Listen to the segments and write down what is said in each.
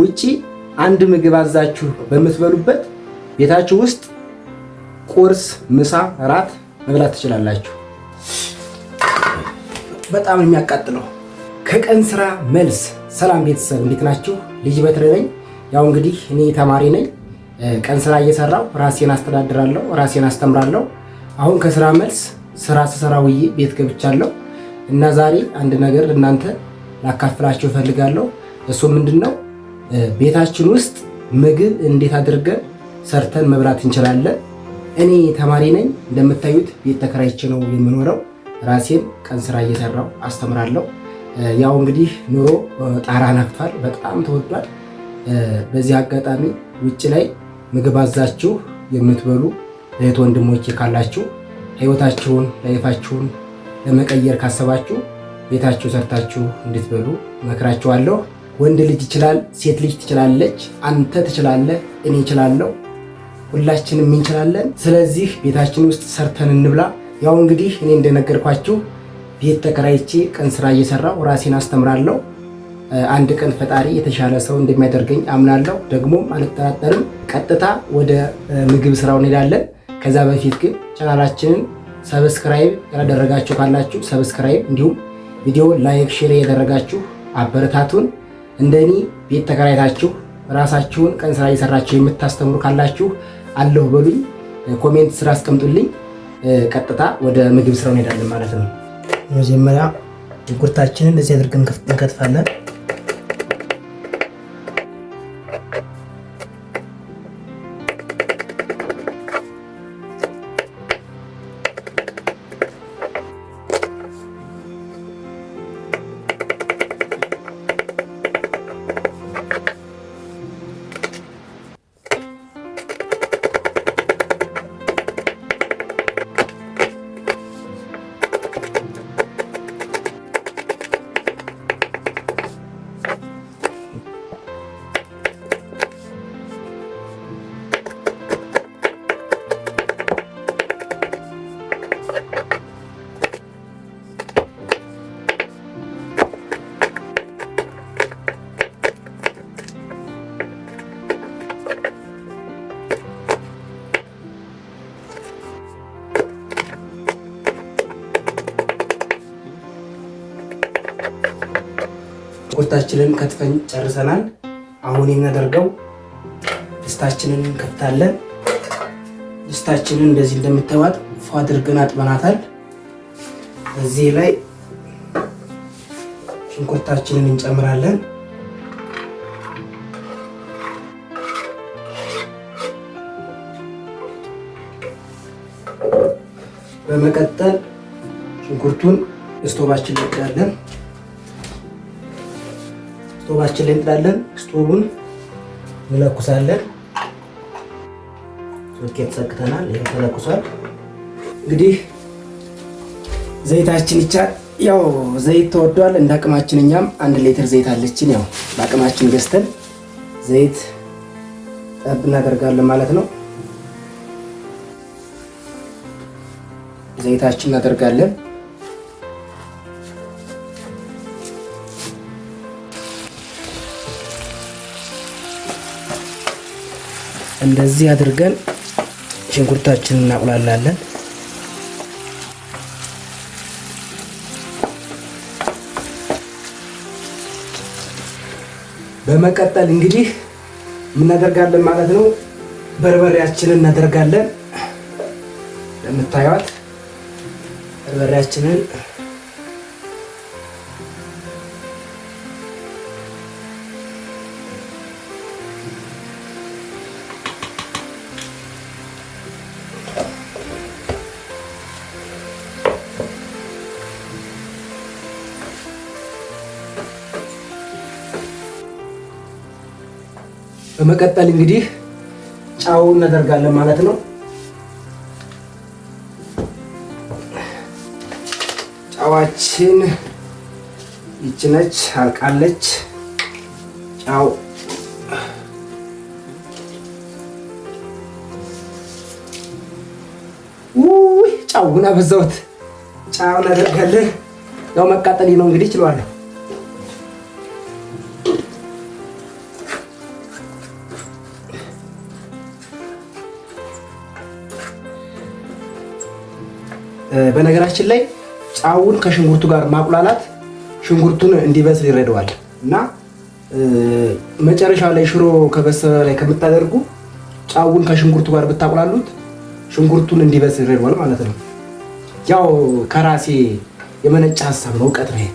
ውጪ አንድ ምግብ አዛችሁ በምትበሉበት ቤታችሁ ውስጥ ቁርስ፣ ምሳ፣ ራት መብላት ትችላላችሁ። በጣም የሚያቃጥለው። ከቀን ስራ መልስ ሰላም ቤተሰብ፣ እንዴት ናችሁ? ልጅ በትር ነኝ። ያው እንግዲህ እኔ ተማሪ ነኝ። ቀን ስራ እየሰራው ራሴን አስተዳድራለሁ፣ ራሴን አስተምራለሁ። አሁን ከስራ መልስ ስራ ስሰራ ውዬ ቤት ገብቻለሁ እና ዛሬ አንድ ነገር እናንተ ላካፍላችሁ እፈልጋለሁ። እሱ ምንድን ነው? ቤታችን ውስጥ ምግብ እንዴት አድርገን ሰርተን መብላት እንችላለን። እኔ ተማሪ ነኝ። እንደምታዩት ቤት ተከራይቼ ነው የምኖረው። ራሴን ቀን ስራ እየሰራው አስተምራለሁ። ያው እንግዲህ ኑሮ ጣራ ነክቷል፣ በጣም ተወዷል። በዚህ አጋጣሚ ውጭ ላይ ምግብ አዛችሁ የምትበሉ እህት ወንድሞች ካላችሁ ህይወታችሁን ላይፋችሁን ለመቀየር ካሰባችሁ ቤታችሁ ሰርታችሁ እንድትበሉ መክራችኋለሁ። ወንድ ልጅ ይችላል፣ ሴት ልጅ ትችላለች፣ አንተ ትችላለህ፣ እኔ እችላለሁ፣ ሁላችንም እንችላለን። ስለዚህ ቤታችን ውስጥ ሰርተን እንብላ። ያው እንግዲህ እኔ እንደነገርኳችሁ ቤት ተከራይቼ ቀን ስራ እየሰራሁ ራሴን አስተምራለሁ። አንድ ቀን ፈጣሪ የተሻለ ሰው እንደሚያደርገኝ አምናለሁ፣ ደግሞም አልጠራጠርም። ቀጥታ ወደ ምግብ ስራው እንሄዳለን። ከዛ በፊት ግን ቻናላችንን ሰብስክራይብ ያላደረጋችሁ ካላችሁ ሰብስክራይብ፣ እንዲሁም ቪዲዮ ላይክ፣ ሼር ያደረጋችሁ አበረታቱን። እንደ እኔ ቤት ተከራይታችሁ ራሳችሁን ቀን ስራ እየሰራችሁ የምታስተምሩ ካላችሁ አለሁ በሉኝ። ኮሜንት ስራ አስቀምጡልኝ። ቀጥታ ወደ ምግብ ስራው እንሄዳለን ማለት ነው። መጀመሪያ ጉርታችንን እንደዚህ አድርገን እንከትፋለን። ወተታችንን ከትፈን ጨርሰናል። አሁን የምናደርገው ድስታችንን እንከፍታለን። ድስታችንን እንደዚህ እንደምታዩት ፏ አድርገን አጥበናታል። እዚህ ላይ ሽንኩርታችንን እንጨምራለን። በመቀጠል ሽንኩርቱን ስቶባችን እንለቅያለን። ስቶቫችን ላይ እንጥዳለን። ስቶቡን እንለኩሳለን። ሶኬት ሰክተናል። ይሄ ተለኩሷል። እንግዲህ ዘይታችን ይቻል ያው ዘይት ተወዷል። እንደ አቅማችን እኛም አንድ ሌትር ዘይት አለችን። ያው በአቅማችን ገዝተን ዘይት ጠብ እናደርጋለን ማለት ነው። ዘይታችን እናደርጋለን። እንደዚህ አድርገን ሽንኩርታችንን እናቁላላለን። በመቀጠል እንግዲህ የምናደርጋለን ማለት ነው። በርበሬያችንን እናደርጋለን። ለምታዩት በርበሬያችንን በመቀጠል እንግዲህ ጫው እናደርጋለን ማለት ነው። ጫዋችን ነች፣ አልቃለች። ጫው ጫው ና በዛውት ጫው እናደርጋለን። ያው መቃጠል ነው እንግዲህ ችሏለሁ በነገራችን ላይ ጫውን ከሽንኩርቱ ጋር ማቁላላት ሽንኩርቱን እንዲበስል ይረዳዋል እና መጨረሻ ላይ ሽሮ ከበሰለ ላይ ከምታደርጉ ጫውን ከሽንኩርቱ ጋር ብታቁላሉት ሽንኩርቱን እንዲበስል ይረዳዋል ማለት ነው። ያው ከራሴ የመነጨ ሀሳብ ነው፣ እውቀት ነው።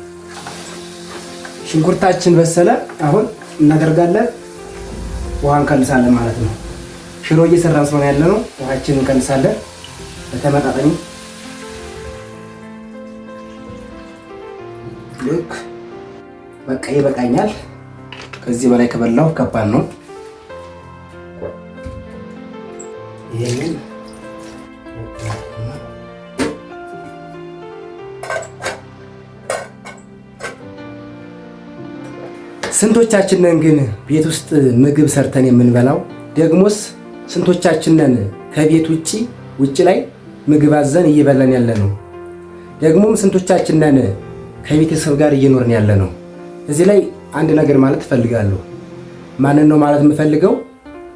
ሽንኩርታችን በሰለ። አሁን እናደርጋለን ውሃ እንቀንሳለን ማለት ነው። ሽሮ እየሰራን ስለሆነ ያለ ነው። ውሃችን እንቀንሳለን በተመጣጠኝ ልክ በቃ ይበቃኛል። ከዚህ በላይ ከበላው ከባድ ነው። ይህንን ስንቶቻችንን ግን ቤት ውስጥ ምግብ ሰርተን የምንበላው? ደግሞስ ስንቶቻችንን ከቤት ውጭ ውጭ ላይ ምግብ አዘን እየበላን ያለ ነው? ደግሞም ስንቶቻችንን ከቤተሰብ ጋር እየኖርን ያለ ነው። እዚህ ላይ አንድ ነገር ማለት እፈልጋለሁ። ማንን ነው ማለት የምፈልገው?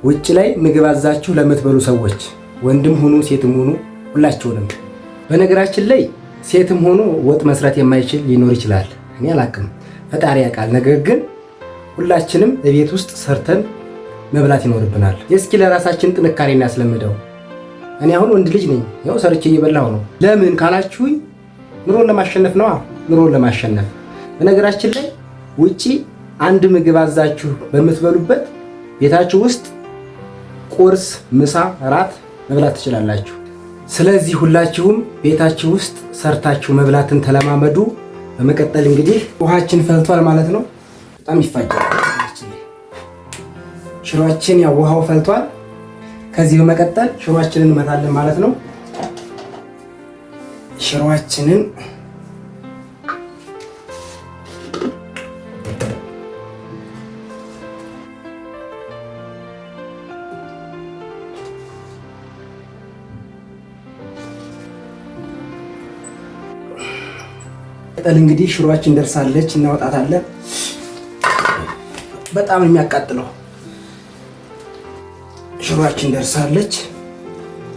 ውጭ ላይ ምግብ አዛችሁ ለምትበሉ ሰዎች ወንድም ሁኑ ሴትም ሁኑ ሁላችሁንም። በነገራችን ላይ ሴትም ሆኖ ወጥ መስራት የማይችል ሊኖር ይችላል። እኔ አላቅም፣ ፈጣሪ ያውቃል። ነገር ግን ሁላችንም እቤት ውስጥ ሰርተን መብላት ይኖርብናል። እስኪ ለራሳችን ጥንካሬ እናስለምደው። እኔ አሁን ወንድ ልጅ ነኝ፣ ያው ሰርቼ እየበላሁ ነው። ለምን ካላችሁኝ ኑሮን ለማሸነፍ ነዋ። ኑሮን ለማሸነፍ። በነገራችን ላይ ውጪ አንድ ምግብ አዛችሁ በምትበሉበት ቤታችሁ ውስጥ ቁርስ፣ ምሳ፣ እራት መብላት ትችላላችሁ። ስለዚህ ሁላችሁም ቤታችሁ ውስጥ ሰርታችሁ መብላትን ተለማመዱ። በመቀጠል እንግዲህ ውሃችን ፈልቷል ማለት ነው። በጣም ይፋጃል ሽሯችን ያው ውሃው ፈልቷል። ከዚህ በመቀጠል ሽሯችን እንመታለን ማለት ነው። ሽሯችንን ቅጠል እንግዲህ ሽሮችን ደርሳለች፣ እናወጣታለን። በጣም የሚያቃጥለው ሽሮችን ደርሳለች።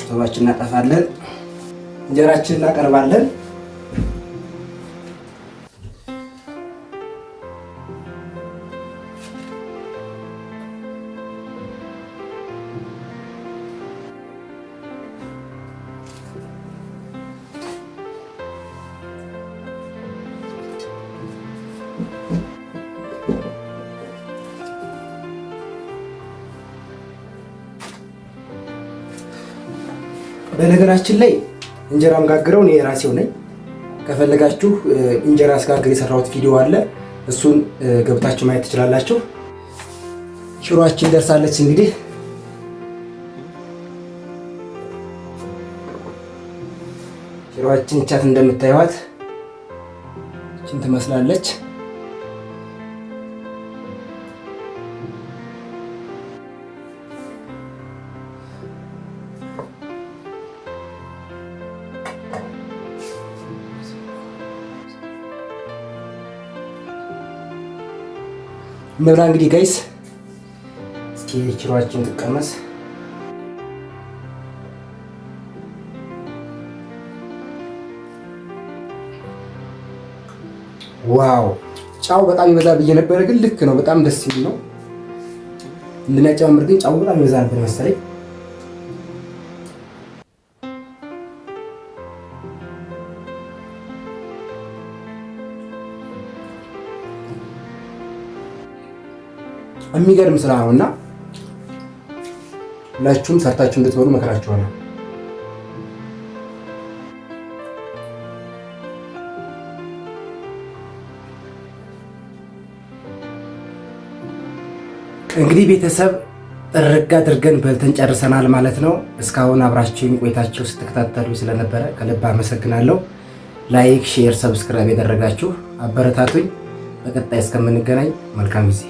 ሰባችን እናጠፋለን። እንጀራችን እናቀርባለን። በነገራችን ላይ እንጀራ መጋግረው እኔ የራሴው ነኝ። ከፈለጋችሁ እንጀራ ስጋግር የሰራሁት ቪዲዮ አለ፣ እሱን ገብታችሁ ማየት ትችላላችሁ። ሽሯችን ደርሳለች። እንግዲህ ሽሯችን እቻት እንደምታዩት እችን ትመስላለች። እንብላ እንግዲህ ጋይስ። እስኪ ኪሮችን ትቀመስ። ዋው ጫው በጣም ይበዛ ብዬ ነበረ፣ ግን ልክ ነው። በጣም ደስ የሚል ነው። እንድናጨማምር ግን ጫው በጣም ይበዛ ነበር መሰለኝ። የሚገርም ስራ ነው እና ሁላችሁም ሰርታችሁ እንድትበሉ መከራችኋለሁ። እንግዲህ ቤተሰብ እርጋ አድርገን በልተን ጨርሰናል ማለት ነው። እስካሁን አብራችሁን ቆይታችሁ ስትከታተሉ ስለነበረ ከልብ አመሰግናለሁ። ላይክ፣ ሼር፣ ሰብስክራይብ ያደረጋችሁ አበረታቱኝ። በቀጣይ እስከምንገናኝ መልካም ጊዜ